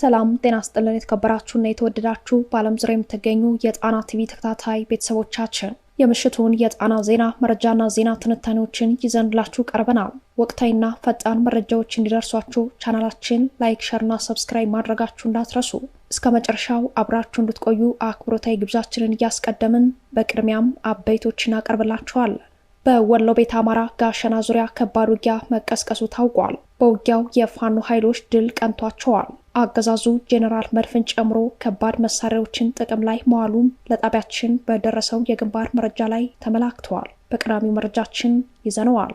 ሰላም ጤና ስጥልን። የተከበራችሁና የተወደዳችሁ በዓለም ዙሪያ የምትገኙ የጣና ቲቪ ተከታታይ ቤተሰቦቻችን የምሽቱን የጣና ዜና መረጃና ዜና ትንታኔዎችን ይዘንላችሁ ቀርበናል። ወቅታዊና ፈጣን መረጃዎች እንዲደርሷችሁ ቻናላችን ላይክ፣ ሸርና ሰብስክራይብ ማድረጋችሁ እንዳትረሱ። እስከ መጨረሻው አብራችሁ እንድትቆዩ አክብሮታዊ ግብዣችንን እያስቀደምን በቅድሚያም አበይቶች እናቀርብላችኋለን። በወሎ ቤት አማራ ጋሸና ዙሪያ ከባድ ውጊያ መቀስቀሱ ታውቋል። በውጊያው የፋኖ ኃይሎች ድል ቀንቷቸዋል። አገዛዙ ጄኔራል መድፍን ጨምሮ ከባድ መሳሪያዎችን ጥቅም ላይ መዋሉም ለጣቢያችን በደረሰው የግንባር መረጃ ላይ ተመላክተዋል። በቀዳሚው መረጃችን ይዘነዋል።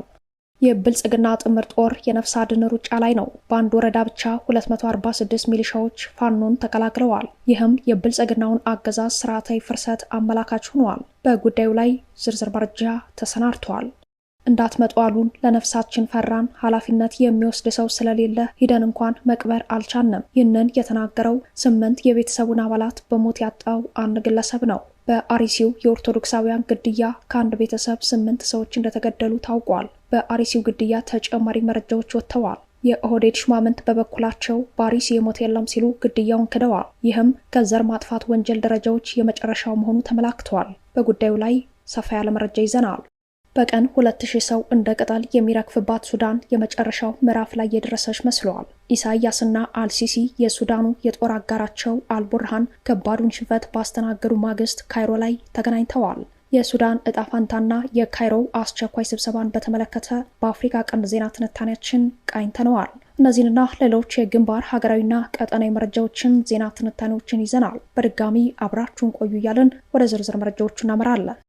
የብልጽግና ጥምር ጦር የነፍስ አድን ሩጫ ላይ ነው። በአንድ ወረዳ ብቻ 246 ሚሊሻዎች ፋኖን ተቀላቅለዋል። ይህም የብልጽግናውን አገዛዝ ስርዓታዊ ፍርሰት አመላካች ሆኗል። በጉዳዩ ላይ ዝርዝር መረጃ ተሰናድተዋል። እንዳትመጡ አሉን። ለነፍሳችን ፈራን። ኃላፊነት የሚወስድ ሰው ስለሌለ ሂደን እንኳን መቅበር አልቻንም። ይህንን የተናገረው ስምንት የቤተሰቡን አባላት በሞት ያጣው አንድ ግለሰብ ነው። በአሪሲው የኦርቶዶክሳውያን ግድያ ከአንድ ቤተሰብ ስምንት ሰዎች እንደተገደሉ ታውቋል። በአሪሲው ግድያ ተጨማሪ መረጃዎች ወጥተዋል። የኦህዴድ ሽማምንት በበኩላቸው በአሪሲ የሞት የለም ሲሉ ግድያውን ክደዋል። ይህም ከዘር ማጥፋት ወንጀል ደረጃዎች የመጨረሻው መሆኑ ተመላክተዋል። በጉዳዩ ላይ ሰፋ ያለ መረጃ ይዘናል። በቀን ሁለት ሺህ ሰው እንደ ቅጠል የሚረግፍባት ሱዳን የመጨረሻው ምዕራፍ ላይ የደረሰች መስለዋል። ኢሳያስና አልሲሲ የሱዳኑ የጦር አጋራቸው አልቡርሃን ከባዱን ሽንፈት ባስተናገዱ ማግስት ካይሮ ላይ ተገናኝተዋል። የሱዳን እጣ ፋንታና የካይሮ አስቸኳይ ስብሰባን በተመለከተ በአፍሪካ ቀንድ ዜና ትንታኔያችን ቃኝተነዋል። እነዚህንና ሌሎች የግንባር ሀገራዊና ቀጠናዊ መረጃዎችን ዜና ትንታኔዎችን ይዘናል። በድጋሚ አብራችሁን ቆዩ እያልን ወደ ዝርዝር መረጃዎቹ እናመራለን።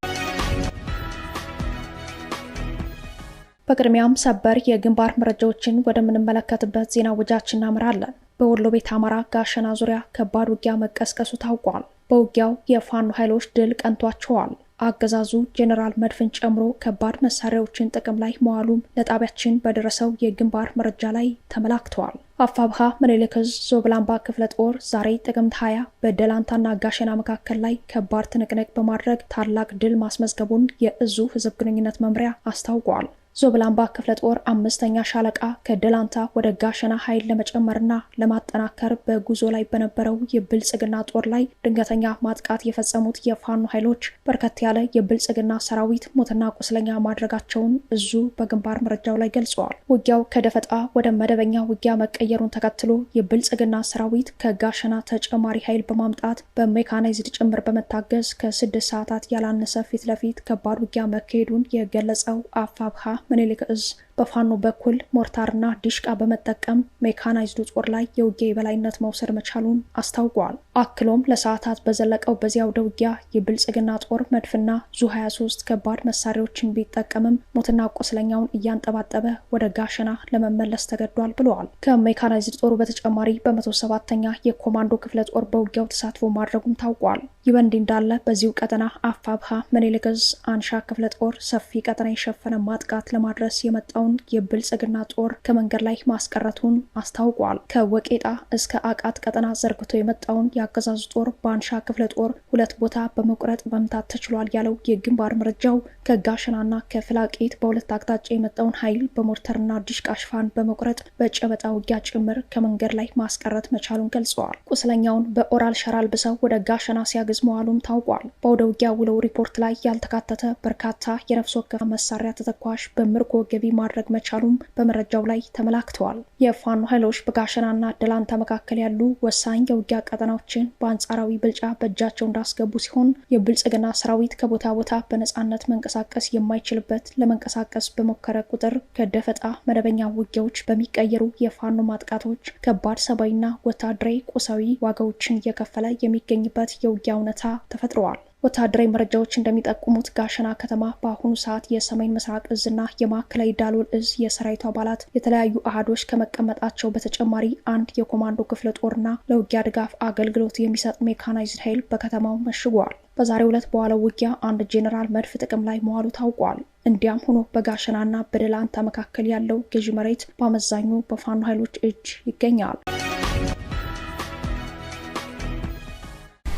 በቅድሚያም ሰበር የግንባር መረጃዎችን ወደምንመለከትበት ዜና ውጃችን እናምራለን። በወሎ ቤት አማራ ጋሸና ዙሪያ ከባድ ውጊያ መቀስቀሱ ታውቋል። በውጊያው የፋኖ ኃይሎች ድል ቀንቷቸዋል። አገዛዙ ጄኔራል መድፍን ጨምሮ ከባድ መሳሪያዎችን ጥቅም ላይ መዋሉም ለጣቢያችን በደረሰው የግንባር መረጃ ላይ ተመላክተዋል። አፋብሃ ምኒልክ ዞብላምባ ክፍለ ጦር ዛሬ ጥቅምት 20 በደላንታና ጋሸና መካከል ላይ ከባድ ትንቅንቅ በማድረግ ታላቅ ድል ማስመዝገቡን የእዙ ህዝብ ግንኙነት መምሪያ አስታውቋል። ዞብላምባ ክፍለ ጦር አምስተኛ ሻለቃ ከደላንታ ወደ ጋሸና ኃይል ለመጨመርና ለማጠናከር በጉዞ ላይ በነበረው የብልጽግና ጦር ላይ ድንገተኛ ማጥቃት የፈጸሙት የፋኖ ኃይሎች በርከት ያለ የብልጽግና ሰራዊት ሞትና ቁስለኛ ማድረጋቸውን እዙ በግንባር መረጃው ላይ ገልጸዋል። ውጊያው ከደፈጣ ወደ መደበኛ ውጊያ መቀየሩን ተከትሎ የብልጽግና ሰራዊት ከጋሸና ተጨማሪ ኃይል በማምጣት በሜካናይዝድ ጭምር በመታገዝ ከስድስት ሰዓታት ያላነሰ ፊት ለፊት ከባድ ውጊያ መካሄዱን የገለጸው አፋብሃ مني لك إج በፋኖ በኩል ሞርታርና ዲሽቃ በመጠቀም ሜካናይዝዱ ጦር ላይ የውጊያ የበላይነት መውሰድ መቻሉን አስታውቋል። አክሎም ለሰዓታት በዘለቀው በዚያው ደውጊያ የብልጽግና ጦር መድፍና ዙ 23 ከባድ መሳሪያዎችን ቢጠቀምም ሞትና ቆስለኛውን እያንጠባጠበ ወደ ጋሸና ለመመለስ ተገዷል ብለዋል። ከሜካናይዝድ ጦሩ በተጨማሪ በመቶ ሰባተኛ የኮማንዶ ክፍለ ጦር በውጊያው ተሳትፎ ማድረጉም ታውቋል። ይህ በእንዲህ እንዳለ በዚሁ ቀጠና አፋብሃ ምኒልክ ዕዝ አንሻ ክፍለ ጦር ሰፊ ቀጠና የሸፈነ ማጥቃት ለማድረስ የመጣው የወጣውን የብልጽግና ጦር ከመንገድ ላይ ማስቀረቱን አስታውቋል። ከወቄጣ እስከ አቃት ቀጠና ዘርግቶ የመጣውን የአገዛዙ ጦር በአንሻ ክፍለ ጦር ሁለት ቦታ በመቁረጥ መምታት ተችሏል ያለው የግንባር መረጃው ከጋሸናና ከፍላቄት በሁለት አቅጣጫ የመጣውን ኃይል በሞርተርና ዲሽቃ ሽፋን በመቁረጥ በጨበጣ ውጊያ ጭምር ከመንገድ ላይ ማስቀረት መቻሉን ገልጸዋል። ቁስለኛውን በኦራል ሸራ አልብሰው ወደ ጋሸና ሲያግዝ መዋሉም ታውቋል። በአውደ ውጊያ ውለው ሪፖርት ላይ ያልተካተተ በርካታ የነፍስ ወከፍ መሳሪያ ተተኳሽ በምርኮ ገቢ ማድረግ ማድረግ መቻሉም በመረጃው ላይ ተመላክተዋል። የፋኖ ኃይሎች በጋሸናና አደላንታ መካከል ያሉ ወሳኝ የውጊያ ቀጠናዎችን በአንጻራዊ ብልጫ በእጃቸው እንዳስገቡ ሲሆን የብልጽግና ሰራዊት ከቦታ ቦታ በነጻነት መንቀሳቀስ የማይችልበት ለመንቀሳቀስ በሞከረ ቁጥር ከደፈጣ መደበኛ ውጊያዎች በሚቀየሩ የፋኖ ማጥቃቶች ከባድ ሰብአዊና ወታደራዊ ቁሳዊ ዋጋዎችን እየከፈለ የሚገኝበት የውጊያ እውነታ ተፈጥረዋል። ወታደራዊ መረጃዎች እንደሚጠቁሙት ጋሸና ከተማ በአሁኑ ሰዓት የሰሜን ምስራቅ እዝና የማዕከላዊ ዳሎል እዝ የሰራዊቱ አባላት የተለያዩ አህዶች ከመቀመጣቸው በተጨማሪ አንድ የኮማንዶ ክፍለ ጦርና ለውጊያ ድጋፍ አገልግሎት የሚሰጥ ሜካናይዝድ ኃይል በከተማው መሽጓል። በዛሬ ዕለት በዋለው ውጊያ አንድ ጄኔራል መድፍ ጥቅም ላይ መዋሉ ታውቋል። እንዲያም ሆኖ በጋሸናና በደላንታ መካከል ያለው ገዢ መሬት በአመዛኙ በፋኖ ኃይሎች እጅ ይገኛል።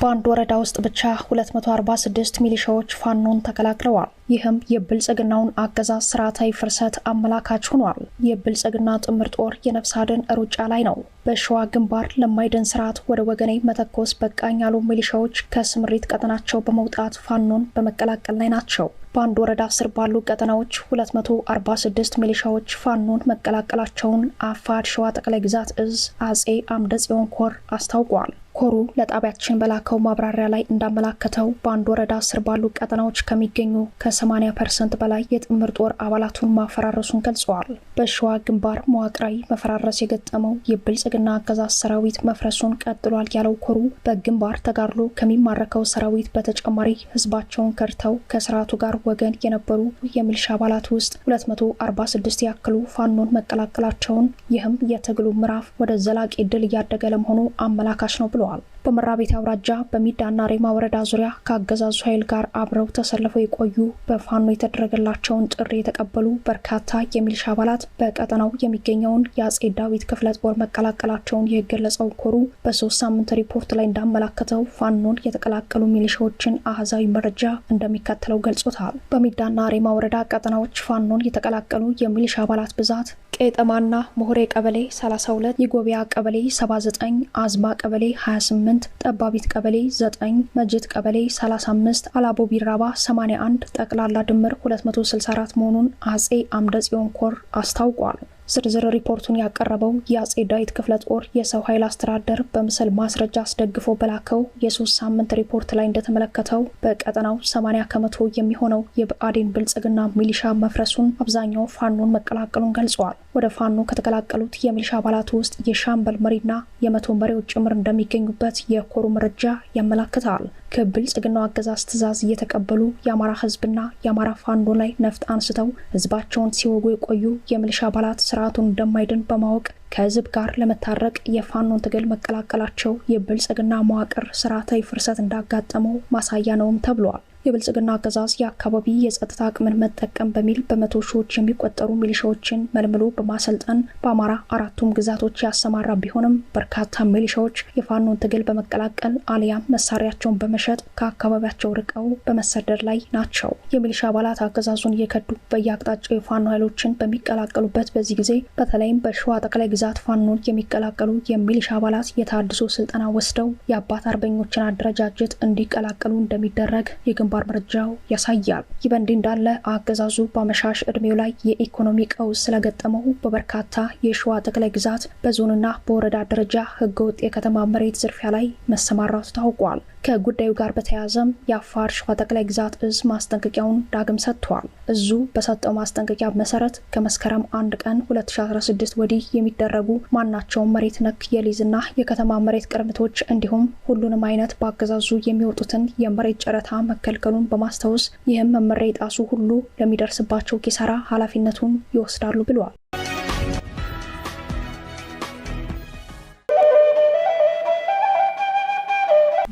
በአንድ ወረዳ ውስጥ ብቻ 246 ሚሊሻዎች ፋኖን ተቀላቅለዋል። ይህም የብልጽግናውን አገዛዝ ስርዓታዊ ፍርሰት አመላካች ሆኗል። የብልጽግና ጥምር ጦር የነፍስ አድን ሩጫ ላይ ነው። በሸዋ ግንባር ለማይደን ስርዓት ወደ ወገኔ መተኮስ በቃኝ ያሉ ሚሊሻዎች ከስምሪት ቀጠናቸው በመውጣት ፋኖን በመቀላቀል ላይ ናቸው። በአንድ ወረዳ ስር ባሉ ቀጠናዎች 246 ሚሊሻዎች ፋኖን መቀላቀላቸውን አፋድ ሸዋ ጠቅላይ ግዛት እዝ አጼ አምደ ጽዮን ኮር አስታውቋል። ኮሩ ለጣቢያችን በላከው ማብራሪያ ላይ እንዳመላከተው በአንድ ወረዳ ስር ባሉ ቀጠናዎች ከሚገኙ ከ80 ፐርሰንት በላይ የጥምር ጦር አባላቱን ማፈራረሱን ገልጸዋል። በሸዋ ግንባር መዋቅራዊ መፈራረስ የገጠመው የብልጽግና አገዛዝ ሰራዊት መፍረሱን ቀጥሏል ያለው ኮሩ በግንባር ተጋድሎ ከሚማረከው ሰራዊት በተጨማሪ ህዝባቸውን ከድተው ከስርዓቱ ጋር ወገን የነበሩ የሚልሻ አባላት ውስጥ 246 ያክሉ ፋኖን መቀላቀላቸውን፣ ይህም የትግሉ ምዕራፍ ወደ ዘላቂ ድል እያደገ ለመሆኑ አመላካች ነው ብሏል። all. በመራቤቴ አውራጃ በሚዳና ሬማ ወረዳ ዙሪያ ከአገዛዙ ኃይል ጋር አብረው ተሰልፈው የቆዩ በፋኖ የተደረገላቸውን ጥሪ የተቀበሉ በርካታ የሚሊሻ አባላት በቀጠናው የሚገኘውን የአጼ ዳዊት ክፍለ ጦር መቀላቀላቸውን የገለጸው ኮሩ በሶስት ሳምንት ሪፖርት ላይ እንዳመላከተው ፋኖን የተቀላቀሉ ሚሊሻዎችን አህዛዊ መረጃ እንደሚከተለው ገልጾታል። በሚዳና ሬማ ወረዳ ቀጠናዎች ፋኖን የተቀላቀሉ የሚሊሻ አባላት ብዛት ቄጠማና ሞሆሬ ቀበሌ 32፣ የጎቢያ ቀበሌ 79፣ አዝማ ቀበሌ 28 ሳምንት ጠባቢት ቀበሌ 9 መጅት ቀበሌ 35 አላቦ ቢራባ 81 ጠቅላላ ድምር 264 መሆኑን አጼ አምደ ጽዮን ኮር አስታውቋል። ዝርዝር ሪፖርቱን ያቀረበው የአጼ ዳዊት ክፍለ ጦር የሰው ኃይል አስተዳደር በምስል ማስረጃ አስደግፎ በላከው የሶስት ሳምንት ሪፖርት ላይ እንደተመለከተው በቀጠናው 80 ከመቶ የሚሆነው የብአዴን ብልጽግና ሚሊሻ መፍረሱን፣ አብዛኛው ፋኖን መቀላቀሉን ገልጿል። ወደ ፋኖ ከተቀላቀሉት የሚሊሻ አባላት ውስጥ የሻምበል መሪና የመቶ መሪዎች ጭምር እንደሚገኙበት የኮሩ መረጃ ያመላክታል። ከብልጽግናው አገዛዝ ትዕዛዝ እየተቀበሉ የአማራ ህዝብና የአማራ ፋኖ ላይ ነፍጥ አንስተው ህዝባቸውን ሲወጉ የቆዩ የሚሊሻ አባላት ስርዓቱን እንደማይድን በማወቅ ከህዝብ ጋር ለመታረቅ የፋኖን ትግል መቀላቀላቸው የብልጽግና መዋቅር ስርዓታዊ ፍርሰት እንዳጋጠመው ማሳያ ነውም ተብሏል። የብልጽግና አገዛዝ የአካባቢ የጸጥታ አቅምን መጠቀም በሚል በመቶ ሺዎች የሚቆጠሩ ሚሊሻዎችን መልምሎ በማሰልጠን በአማራ አራቱም ግዛቶች ያሰማራ ቢሆንም በርካታ ሚሊሻዎች የፋኖን ትግል በመቀላቀል አሊያም መሳሪያቸውን በመሸጥ ከአካባቢያቸው ርቀው በመሰደድ ላይ ናቸው። የሚሊሻ አባላት አገዛዙን እየከዱ በየአቅጣጫው የፋኖ ኃይሎችን በሚቀላቀሉበት በዚህ ጊዜ በተለይም በሸዋ ጠቅላይ ግዛት ፋኖን የሚቀላቀሉ የሚሊሻ አባላት የታድሶ ስልጠና ወስደው የአባት አርበኞችን አደረጃጀት እንዲቀላቀሉ እንደሚደረግ የግንባ ግንባር መረጃው ያሳያል። ይህ በእንዲህ እንዳለ አገዛዙ በአመሻሽ እድሜው ላይ የኢኮኖሚ ቀውስ ስለገጠመው በበርካታ የሸዋ ጠቅላይ ግዛት በዞንና በወረዳ ደረጃ ህገወጥ የከተማ መሬት ዝርፊያ ላይ መሰማራቱ ታውቋል። ከጉዳዩ ጋር በተያያዘም የአፋር ሸዋ ጠቅላይ ግዛት እዝ ማስጠንቀቂያውን ዳግም ሰጥቷል። እዙ በሰጠው ማስጠንቀቂያ መሰረት ከመስከረም አንድ ቀን 2016 ወዲህ የሚደረጉ ማናቸውም መሬት ነክ የሊዝና የከተማ መሬት ቅርምቶች እንዲሁም ሁሉንም አይነት በአገዛዙ የሚወጡትን የመሬት ጨረታ መከልከሉን በማስታወስ ይህም መመሪያ የጣሱ ሁሉ ለሚደርስባቸው ኪሳራ ኃላፊነቱን ይወስዳሉ ብለዋል።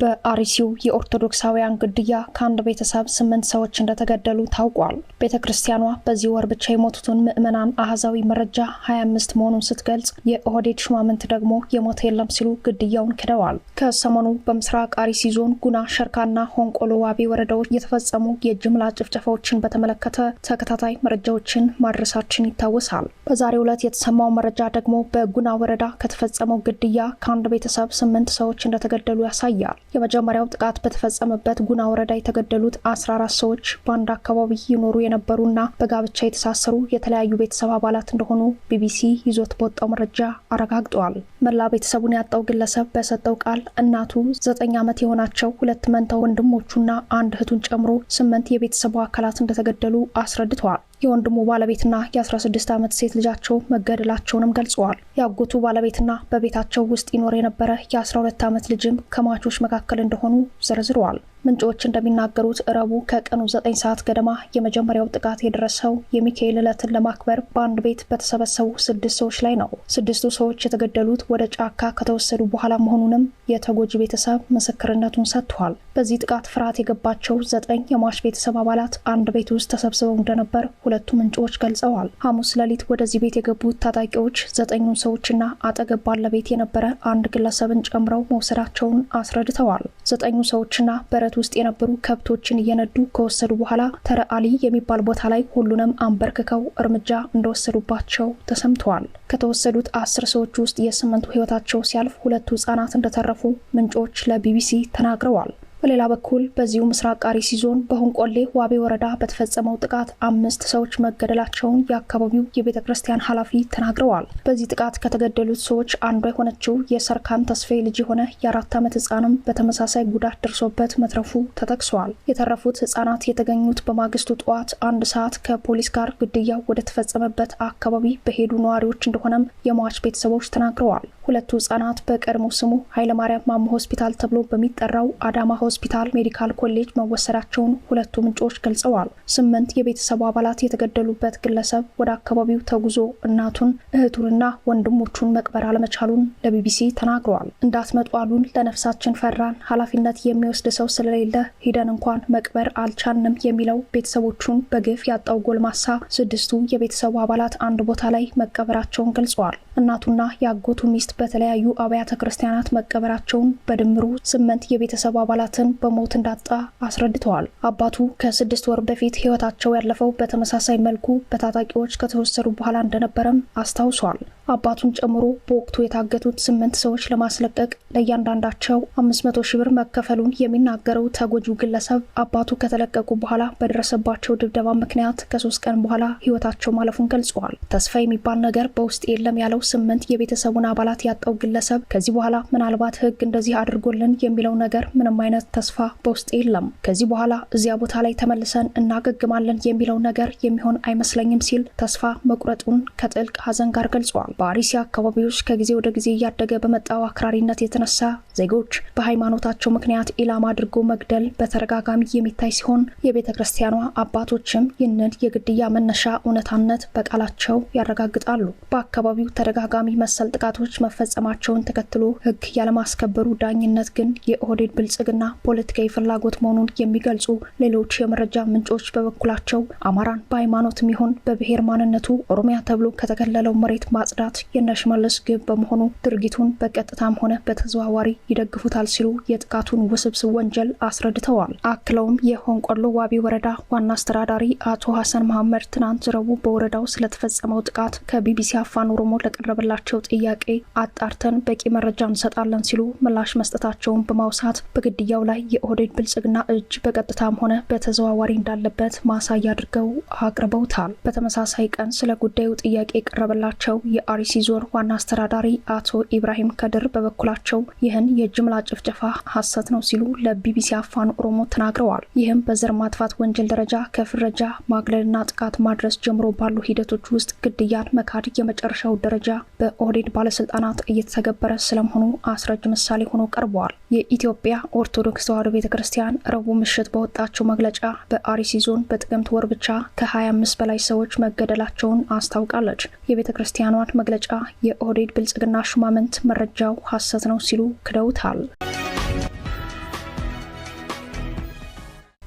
በአርሲው የኦርቶዶክሳውያን ግድያ ከአንድ ቤተሰብ ስምንት ሰዎች እንደተገደሉ ታውቋል። ቤተ ክርስቲያኗ በዚህ ወር ብቻ የሞቱትን ምዕመናን አህዛዊ መረጃ 25 መሆኑን ስትገልጽ፣ የኦህዴድ ሹማምንት ደግሞ የሞተ የለም ሲሉ ግድያውን ክደዋል። ከሰሞኑ በምስራቅ አርሲ ዞን ጉና ሸርካና ሆንቆሎ ዋቢ ወረዳዎች የተፈጸሙ የጅምላ ጭፍጨፋዎችን በተመለከተ ተከታታይ መረጃዎችን ማድረሳችን ይታወሳል። በዛሬው ዕለት የተሰማው መረጃ ደግሞ በጉና ወረዳ ከተፈጸመው ግድያ ከአንድ ቤተሰብ ስምንት ሰዎች እንደተገደሉ ያሳያል። የመጀመሪያው ጥቃት በተፈጸመበት ጉና ወረዳ የተገደሉት አስራ አራት ሰዎች በአንድ አካባቢ ይኖሩ የነበሩና በጋብቻ የተሳሰሩ የተለያዩ ቤተሰብ አባላት እንደሆኑ ቢቢሲ ይዞት በወጣው መረጃ አረጋግጠዋል። መላ ቤተሰቡን ያጣው ግለሰብ በሰጠው ቃል እናቱ ዘጠኝ ዓመት የሆናቸው ሁለት መንታ ወንድሞቹና አንድ እህቱን ጨምሮ ስምንት የቤተሰቡ አካላት እንደተገደሉ አስረድተዋል። የወንድሙ ባለቤትና የ16 ዓመት ሴት ልጃቸው መገደላቸውንም ገልጸዋል። የአጎቱ ባለቤትና በቤታቸው ውስጥ ይኖር የነበረ የ12 ዓመት ልጅም ከሟቾች መካከል እንደሆኑ ዘርዝረዋል። ምንጮች እንደሚናገሩት እረቡ ከቀኑ ዘጠኝ ሰዓት ገደማ የመጀመሪያው ጥቃት የደረሰው የሚካኤል ዕለትን ለማክበር በአንድ ቤት በተሰበሰቡ ስድስት ሰዎች ላይ ነው። ስድስቱ ሰዎች የተገደሉት ወደ ጫካ ከተወሰዱ በኋላ መሆኑንም የተጎጂ ቤተሰብ ምስክርነቱን ሰጥቷል። በዚህ ጥቃት ፍርሃት የገባቸው ዘጠኝ የሟች ቤተሰብ አባላት አንድ ቤት ውስጥ ተሰብስበው እንደነበር ሁለቱ ምንጮች ገልጸዋል። ሐሙስ ሌሊት ወደዚህ ቤት የገቡት ታጣቂዎች ዘጠኙን ሰዎችና አጠገብ ባለቤት የነበረ አንድ ግለሰብን ጨምረው መውሰዳቸውን አስረድተዋል። ዘጠኙ ሰዎችና በረ ጭነት ውስጥ የነበሩ ከብቶችን እየነዱ ከወሰዱ በኋላ ተረ አሊ የሚባል ቦታ ላይ ሁሉንም አንበርክከው እርምጃ እንደወሰዱባቸው ተሰምተዋል። ከተወሰዱት አስር ሰዎች ውስጥ የስምንቱ ሕይወታቸው ሲያልፍ ሁለቱ ህጻናት እንደተረፉ ምንጮች ለቢቢሲ ተናግረዋል። በሌላ በኩል በዚሁ ምስራቅ አርሲ ዞን በሆንቆሌ ዋቤ ወረዳ በተፈጸመው ጥቃት አምስት ሰዎች መገደላቸውን የአካባቢው የቤተ ክርስቲያን ኃላፊ ተናግረዋል። በዚህ ጥቃት ከተገደሉት ሰዎች አንዷ የሆነችው የሰርካን ተስፋዬ ልጅ የሆነ የአራት ዓመት ህጻንም በተመሳሳይ ጉዳት ደርሶበት መትረፉ ተጠቅሷል። የተረፉት ህጻናት የተገኙት በማግስቱ ጠዋት አንድ ሰዓት ከፖሊስ ጋር ግድያው ወደ ተፈጸመበት አካባቢ በሄዱ ነዋሪዎች እንደሆነም የሟች ቤተሰቦች ተናግረዋል። ሁለቱ ህጻናት በቀድሞ ስሙ ኃይለማርያም ማሞ ሆስፒታል ተብሎ በሚጠራው አዳማ ሆስፒታል ሜዲካል ኮሌጅ መወሰዳቸውን ሁለቱ ምንጮች ገልጸዋል። ስምንት የቤተሰቡ አባላት የተገደሉበት ግለሰብ ወደ አካባቢው ተጉዞ እናቱን እህቱንና ወንድሞቹን መቅበር አለመቻሉን ለቢቢሲ ተናግረዋል። እንዳትመጡ አሉን፣ ለነፍሳችን ፈራን፣ ኃላፊነት የሚወስድ ሰው ስለሌለ ሂደን እንኳን መቅበር አልቻንም የሚለው ቤተሰቦቹን በግፍ ያጣው ጎልማሳ ስድስቱ የቤተሰቡ አባላት አንድ ቦታ ላይ መቀበራቸውን ገልጸዋል። እናቱና የአጎቱ ሚስት በተለያዩ አብያተ ክርስቲያናት መቀበራቸውን በድምሩ ስምንት የቤተሰቡ አባላት አባትን በሞት እንዳጣ አስረድተዋል። አባቱ ከስድስት ወር በፊት ህይወታቸው ያለፈው በተመሳሳይ መልኩ በታጣቂዎች ከተወሰዱ በኋላ እንደነበረም አስታውሷል። አባቱን ጨምሮ በወቅቱ የታገቱት ስምንት ሰዎች ለማስለቀቅ ለእያንዳንዳቸው አምስት መቶ ሺህ ብር መከፈሉን የሚናገረው ተጎጂው ግለሰብ አባቱ ከተለቀቁ በኋላ በደረሰባቸው ድብደባ ምክንያት ከሶስት ቀን በኋላ ሕይወታቸው ማለፉን ገልጸዋል። ተስፋ የሚባል ነገር በውስጥ የለም ያለው ስምንት የቤተሰቡን አባላት ያጣው ግለሰብ ከዚህ በኋላ ምናልባት ህግ እንደዚህ አድርጎልን የሚለው ነገር ምንም አይነት ተስፋ በውስጥ የለም፣ ከዚህ በኋላ እዚያ ቦታ ላይ ተመልሰን እናገግማለን የሚለው ነገር የሚሆን አይመስለኝም ሲል ተስፋ መቁረጡን ከጥልቅ ሀዘን ጋር ገልጸዋል። በአርሲ አካባቢዎች ከጊዜ ወደ ጊዜ እያደገ በመጣው አክራሪነት የተነሳ ዜጎች በሃይማኖታቸው ምክንያት ኢላማ አድርጎ መግደል በተደጋጋሚ የሚታይ ሲሆን የቤተ ክርስቲያኗ አባቶችም ይህንን የግድያ መነሻ እውነታነት በቃላቸው ያረጋግጣሉ። በአካባቢው ተደጋጋሚ መሰል ጥቃቶች መፈጸማቸውን ተከትሎ ሕግ ያለማስከበሩ ዳኝነት ግን የኦህዴድ ብልጽግና ፖለቲካዊ ፍላጎት መሆኑን የሚገልጹ ሌሎች የመረጃ ምንጮች በበኩላቸው አማራን በሃይማኖት የሚሆን በብሔር ማንነቱ ኦሮሚያ ተብሎ ከተከለለው መሬት ማጽዳ ለመርዳት የነሽመለስ ግብ በመሆኑ ድርጊቱን በቀጥታም ሆነ በተዘዋዋሪ ይደግፉታል ሲሉ የጥቃቱን ውስብስብ ወንጀል አስረድተዋል። አክለውም የሆንቆሎ ዋቢ ወረዳ ዋና አስተዳዳሪ አቶ ሀሰን መሐመድ ትናንት ረቡዕ በወረዳው ስለተፈጸመው ጥቃት ከቢቢሲ አፋን ኦሮሞ ለቀረበላቸው ጥያቄ አጣርተን በቂ መረጃ እንሰጣለን ሲሉ ምላሽ መስጠታቸውን በማውሳት በግድያው ላይ የኦህዴድ ብልጽግና እጅ በቀጥታም ሆነ በተዘዋዋሪ እንዳለበት ማሳያ አድርገው አቅርበውታል። በተመሳሳይ ቀን ስለ ጉዳዩ ጥያቄ የቀረበላቸው አርሲ ዞን ዋና አስተዳዳሪ አቶ ኢብራሂም ከድር በበኩላቸው ይህን የጅምላ ጭፍጨፋ ሐሰት ነው ሲሉ ለቢቢሲ አፋን ኦሮሞ ተናግረዋል። ይህም በዘር ማጥፋት ወንጀል ደረጃ ከፍረጃ ማግለልና ጥቃት ማድረስ ጀምሮ ባሉ ሂደቶች ውስጥ ግድያን መካድ የመጨረሻው ደረጃ በኦህዴድ ባለስልጣናት እየተተገበረ ስለመሆኑ አስረጅ ምሳሌ ሆኖ ቀርበዋል። የኢትዮጵያ ኦርቶዶክስ ተዋሕዶ ቤተ ክርስቲያን ረቡዕ ምሽት በወጣቸው መግለጫ በአርሲ ዞን በጥቅምት ወር ብቻ ከ25 በላይ ሰዎች መገደላቸውን አስታውቃለች። የቤተ ክርስቲያኗን መግለጫ የኦህዴድ ብልጽግና ሹማምንት መረጃው ሐሰት ነው ሲሉ ክደውታል።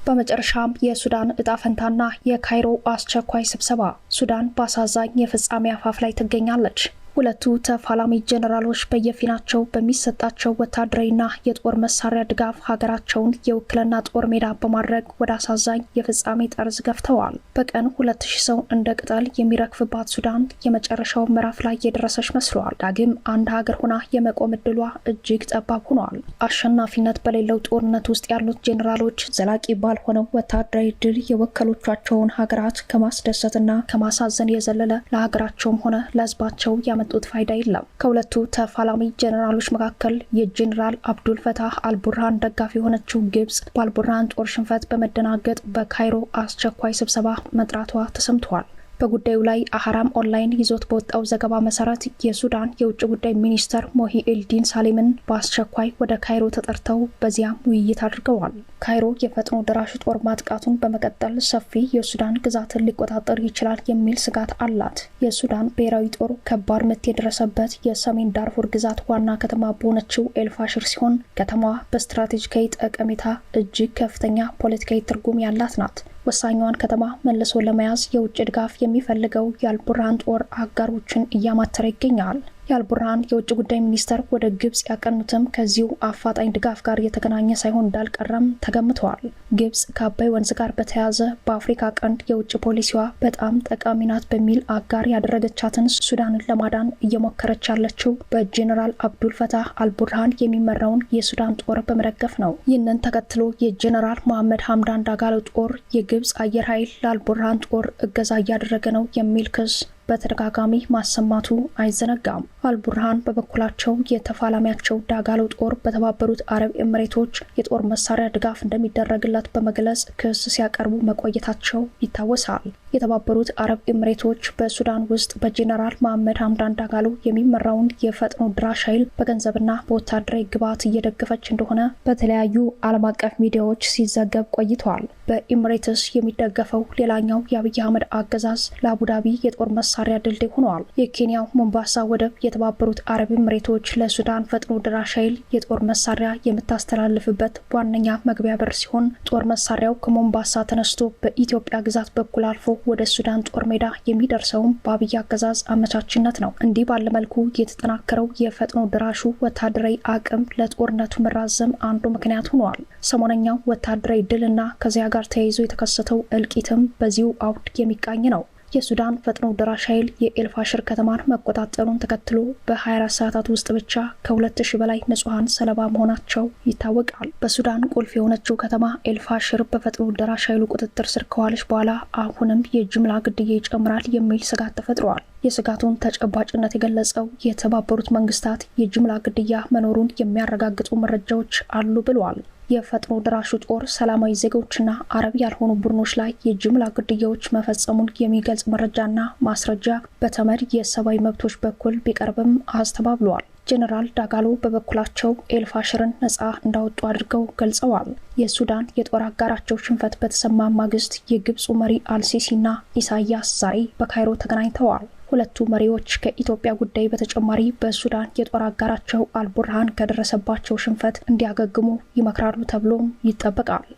በመጨረሻም የሱዳን እጣ ፈንታና የካይሮ አስቸኳይ ስብሰባ። ሱዳን በአሳዛኝ የፍጻሜ አፋፍ ላይ ትገኛለች። ሁለቱ ተፋላሚ ጀኔራሎች በየፊናቸው በሚሰጣቸው ወታደራዊና የጦር መሳሪያ ድጋፍ ሀገራቸውን የውክልና ጦር ሜዳ በማድረግ ወደ አሳዛኝ የፍጻሜ ጠርዝ ገፍተዋል። በቀን ሁለት ሺህ ሰው እንደ ቅጠል የሚረግፍባት ሱዳን የመጨረሻው ምዕራፍ ላይ የደረሰች መስሏል። ዳግም አንድ ሀገር ሆና የመቆም እድሏ እጅግ ጠባብ ሆኗል። አሸናፊነት በሌለው ጦርነት ውስጥ ያሉት ጄኔራሎች ዘላቂ ባልሆነው ወታደራዊ ድል የወከሎቻቸውን ሀገራት ከማስደሰትና ከማሳዘን የዘለለ ለሀገራቸውም ሆነ ለህዝባቸው ያመ ያመጡት ፋይዳ የለም። ከሁለቱ ተፋላሚ ጀኔራሎች መካከል የጀኔራል አብዱል ፈታህ አልቡርሃን ደጋፊ የሆነችው ግብጽ በአልቡርሃን ጦር ሽንፈት በመደናገጥ በካይሮ አስቸኳይ ስብሰባ መጥራቷ ተሰምተዋል። በጉዳዩ ላይ አህራም ኦንላይን ይዞት በወጣው ዘገባ መሰረት የሱዳን የውጭ ጉዳይ ሚኒስተር ሞሂ ኤልዲን ሳሌምን በአስቸኳይ ወደ ካይሮ ተጠርተው በዚያም ውይይት አድርገዋል። ካይሮ የፈጥኖ ደራሽ ጦር ማጥቃቱን በመቀጠል ሰፊ የሱዳን ግዛትን ሊቆጣጠር ይችላል የሚል ስጋት አላት። የሱዳን ብሔራዊ ጦር ከባድ ምት የደረሰበት የሰሜን ዳርፉር ግዛት ዋና ከተማ በሆነችው ኤልፋሽር ሲሆን ከተማዋ በስትራቴጂካዊ ጠቀሜታ እጅግ ከፍተኛ ፖለቲካዊ ትርጉም ያላት ናት። ወሳኛዋን ከተማ መልሶ ለመያዝ የውጭ ድጋፍ የሚፈልገው የአልቡርሃን ጦር አጋሮችን እያማተረ ይገኛል። የአልቡርሃን የውጭ ጉዳይ ሚኒስተር ወደ ግብጽ ያቀኑትም ከዚሁ አፋጣኝ ድጋፍ ጋር የተገናኘ ሳይሆን እንዳልቀረም ተገምተዋል። ግብጽ ከአባይ ወንዝ ጋር በተያያዘ በአፍሪካ ቀንድ የውጭ ፖሊሲዋ በጣም ጠቃሚ ናት በሚል አጋር ያደረገቻትን ሱዳንን ለማዳን እየሞከረች ያለችው በጄኔራል አብዱል ፈታህ አልቡርሃን የሚመራውን የሱዳን ጦር በመደገፍ ነው። ይህንን ተከትሎ የጄኔራል መሐመድ ሀምዳን ዳጋሎ ጦር የግብጽ አየር ኃይል ለአልቡርሃን ጦር እገዛ እያደረገ ነው የሚል ክስ በተደጋጋሚ ማሰማቱ አይዘነጋም። አልቡርሃን በበኩላቸው የተፋላሚያቸው ዳጋሎ ጦር በተባበሩት አረብ ኤምሬቶች የጦር መሳሪያ ድጋፍ እንደሚደረግለት በመግለጽ ክስ ሲያቀርቡ መቆየታቸው ይታወሳል። የተባበሩት አረብ ኤምሬቶች በሱዳን ውስጥ በጄኔራል መሐመድ ሀምዳን ዳጋሎ የሚመራውን የፈጥኖ ድራሽ ኃይል በገንዘብና በወታደራዊ ግብዓት እየደገፈች እንደሆነ በተለያዩ ዓለም አቀፍ ሚዲያዎች ሲዘገብ ቆይተዋል። በኤምሬትስ የሚደገፈው ሌላኛው የአብይ አህመድ አገዛዝ ለአቡዳቢ የጦር መሳሪያ ድልድይ ሆነዋል። የኬንያው ሞምባሳ ወደብ የተባበሩት አረብ ኤምሬቶች ለሱዳን ፈጥኖ ድራሽ ኃይል የጦር መሳሪያ የምታስተላልፍበት ዋነኛ መግቢያ በር ሲሆን ጦር መሳሪያው ከሞምባሳ ተነስቶ በኢትዮጵያ ግዛት በኩል አልፎ ወደ ሱዳን ጦር ሜዳ የሚደርሰውም በአብይ አገዛዝ አመቻችነት ነው። እንዲህ ባለ መልኩ የተጠናከረው የፈጥኖ ድራሹ ወታደራዊ አቅም ለጦርነቱ መራዘም አንዱ ምክንያት ሆኗል። ሰሞነኛው ወታደራዊ ድልና ከዚያ ጋር ተያይዞ የተከሰተው እልቂትም በዚሁ አውድ የሚቃኝ ነው። የሱዳን ፈጥኖ ደራሽ ኃይል የኤልፋሽር ከተማን መቆጣጠሩን ተከትሎ በ24 ሰዓታት ውስጥ ብቻ ከ2000 በላይ ንጹሐን ሰለባ መሆናቸው ይታወቃል። በሱዳን ቁልፍ የሆነችው ከተማ ኤልፋሽር በፈጥኖ ደራሽ ኃይሉ ቁጥጥር ስር ከዋለች በኋላ አሁንም የጅምላ ግድያ ይጨምራል የሚል ስጋት ተፈጥሯል። የስጋቱን ተጨባጭነት የገለጸው የተባበሩት መንግስታት የጅምላ ግድያ መኖሩን የሚያረጋግጡ መረጃዎች አሉ ብለዋል። የፈጥኖ ድራሹ ጦር ሰላማዊ ዜጎችና አረብ ያልሆኑ ቡድኖች ላይ የጅምላ ግድያዎች መፈጸሙን የሚገልጽ መረጃና ማስረጃ በተመድ የሰብአዊ መብቶች በኩል ቢቀርብም አስተባብለዋል። ጄኔራል ዳጋሎ በበኩላቸው ኤልፋሽርን ነጻ እንዳወጡ አድርገው ገልጸዋል። የሱዳን የጦር አጋራቸው ሽንፈት በተሰማ ማግስት የግብፁ መሪ አልሲሲና ኢሳያስ ዛሬ በካይሮ ተገናኝተዋል። ሁለቱ መሪዎች ከኢትዮጵያ ጉዳይ በተጨማሪ በሱዳን የጦር አጋራቸው አልቡርሃን ከደረሰባቸው ሽንፈት እንዲያገግሙ ይመክራሉ ተብሎም ይጠበቃል።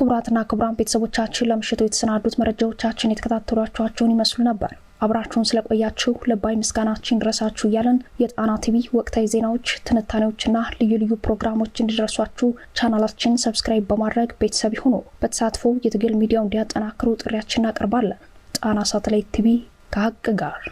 ክቡራትና ክቡራን ቤተሰቦቻችን ለምሽቱ የተሰናዱት መረጃዎቻችን የተከታተሏቸኋቸውን ይመስሉ ነበር። አብራችሁን ስለቆያችሁ ልባዊ ምስጋናችን ይድረሳችሁ እያለን የጣና ቲቪ ወቅታዊ ዜናዎች፣ ትንታኔዎችና ልዩ ልዩ ፕሮግራሞች እንዲደርሷችሁ ቻናላችን ሰብስክራይብ በማድረግ ቤተሰብ ይሁኑ። በተሳትፎ የትግል ሚዲያው እንዲያጠናክሩ ጥሪያችን እናቀርባለን። ጣና ሳተላይት ቲቪ ከሀቅ ጋር